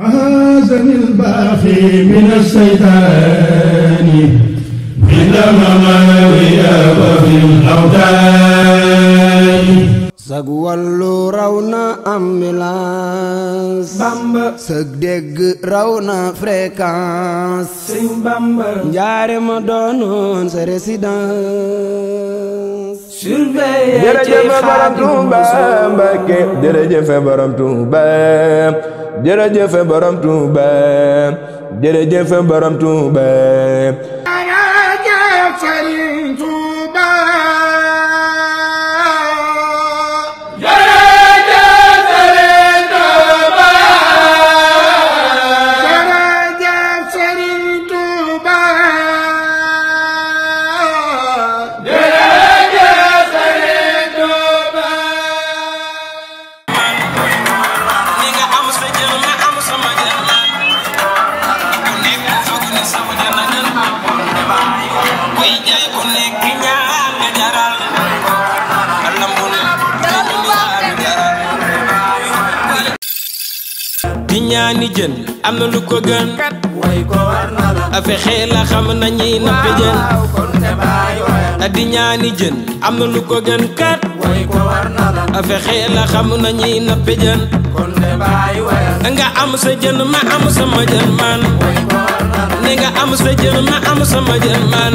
أعاذني الباقي من الشيطان عند مماوية وفي الأوتان sag wàllu raw na ambulance. bamba. sag dégg raw na fréquence. sëñ bamba. njaare ma doonoon sa résidence. surveiller ci jërëjëf borom Tuuba jërëjëf borom Tuuba di ñaani jën am na lu ko gën kat way ko na la a fexe la xam ñaani jën am na lu ko gën kat way ko war na la a fexe nga am sa jën ma am sama jën man ne nga am sa jën ma am sama jën man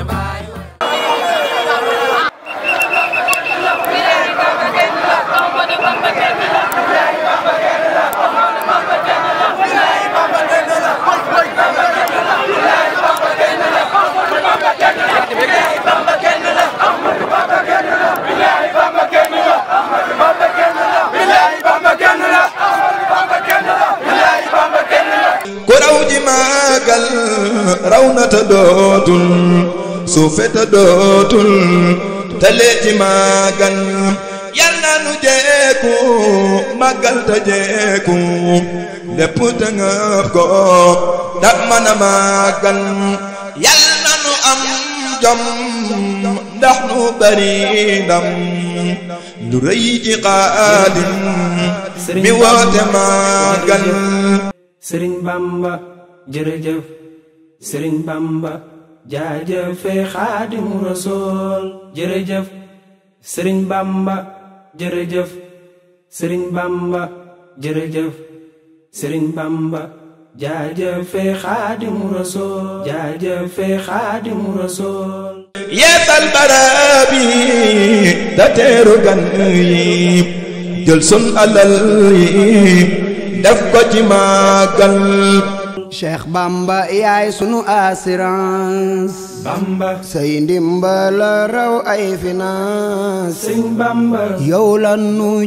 raw na dootul suufe te dootul te leeti maagal yàlla nu jeeku màggal te jeeku lépp te ngëb ko dak mën a nu am jom ndax nu bari ndam lu mi woote màggal sëriñ bamba jaajëfe xaadimu rasool jërëjëf sëriñ bamba jërëjëf sëriñ bamba jërëjëf sëriñ bamba jaajëfe xaadimu rasool jaajëfe xaadimu alal yi def ko cheikh bamba yaay sunu assurance. bamba. say ndimbal raw ay finance. sëñ bamba. yow la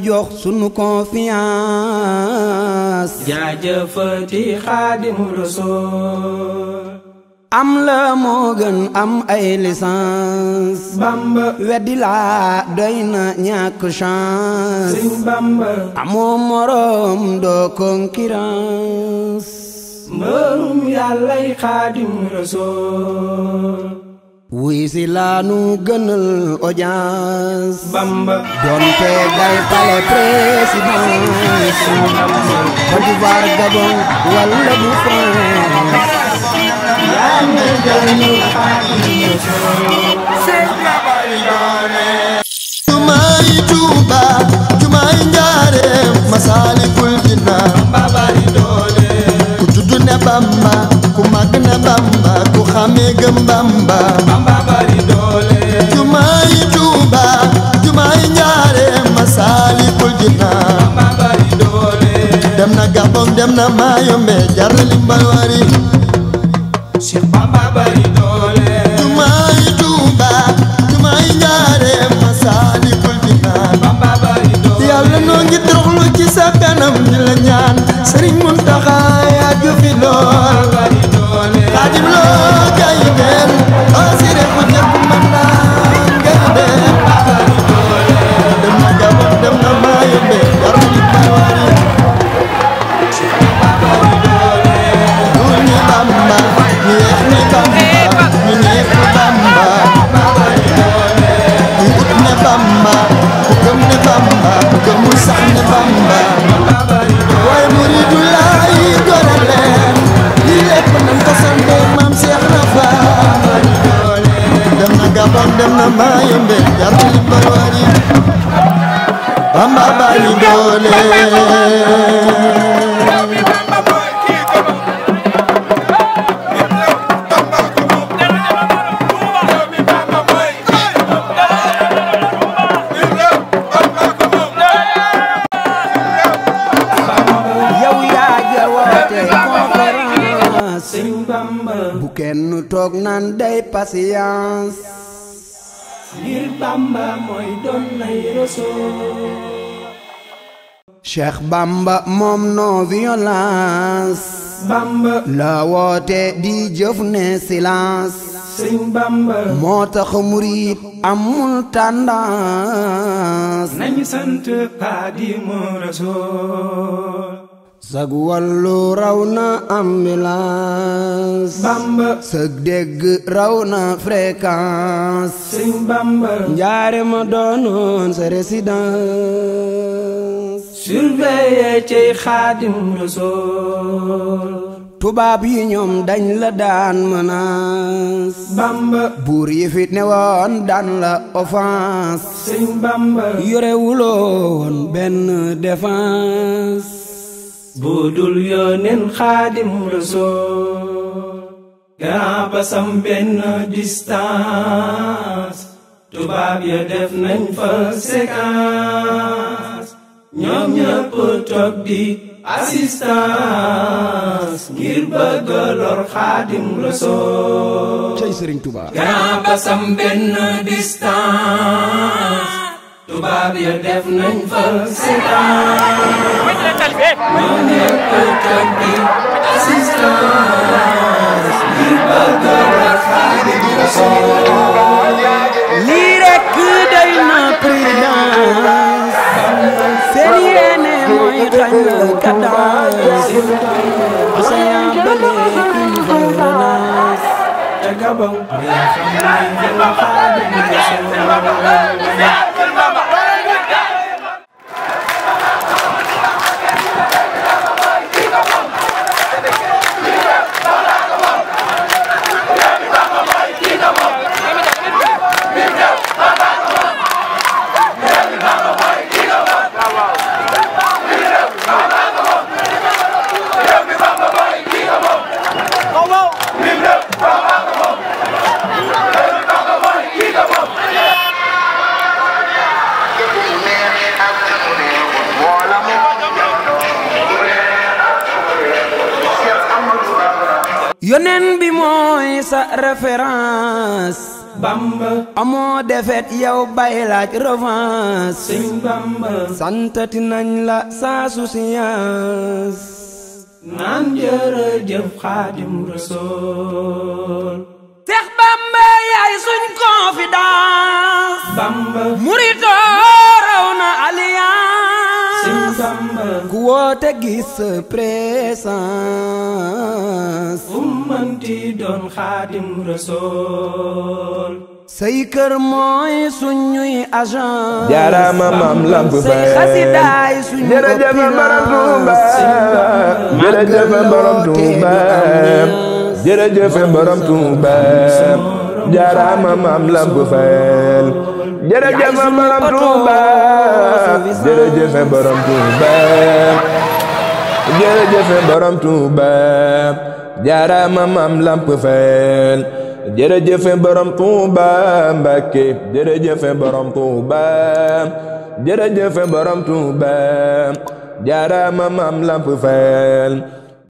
jox sunu confiance. jaajëfati xaadimu rasul. am la moo am ay licence. bamba. weddi laa doy ñàkk chance. sëñ bamba. amoo morom doo concurrence. yàllay xaadim rasool wuy si laanu audience bamba donte day pale président Côte d'Ivoire Gabon walla bu France yàlla gënu xaadim rasool seen yabaay daane jumaay Tuuba jumaay njaareem masaalikul jinaan baba ri doole ku juddu ne bamba gëm bamba bamba bari doole jumaayi tuuba masaalikul jinaan bamba bari doole dem na gabon dem na masaalikul jinaan bamba bari doole yàlla ci sa kanam ñaan sëriñ muntaxa yaa lool bamba yembe jarul barwari toog naan day patience ngir bamba moom no violence. bamba. la woote di jëf ne silence. sëñ bamba. moo tax murit amul tendance. nañu sant Xaadimu Rasuul sag wallu raw na ambulance bamba sag dégg raw na fréquence sëñ ma doonoon sa résidence surveillé cey xaadim rasool tubaab yi ñoom dañ la daan menace bamba buur yi fit ne daan la offense sëñ bamba woon benn défense budul yoneen xaadim rasool gaa benn distance tubaab ya def nañ fa séquence ñoom ñëpp toog di assistance ngir bëgg lor xaadim rasool cay sëriñ Tuubaa gaa benn distance tubaab ya def nañ fa seetaan ñoo nekk kat bi assistance di bëgg la Xaadimu Rasuul lii rekk doy na présidence seen yéene mooy xañ la cadence océan ba léegi venance te gabaw yaa xam ne yoneen bi mooy sa référence bamba amoo defet yow bay laaj revanche sëñ santati nañ la sa souciance naan jërëjëf xaadim rasool seex gis sa présence ummanti doon xaadim rasool say kër mooy suñuy agent jaaraama maam lamp fay say xasidaay suñu jërëjëf borom Tuuba jërëjëf borom Tuuba jërëjëf borom Tuuba jaaraama maam lamp fay jërëjëf borom Tuuba jërëjëf borom Tuuba jërëjëf borom Touba jaaraama maam Lamp Fall jërëjëf borom Touba Mbakke jërëjëf borom Touba jërëjëf borom Touba jaaraama maam Lamp Fall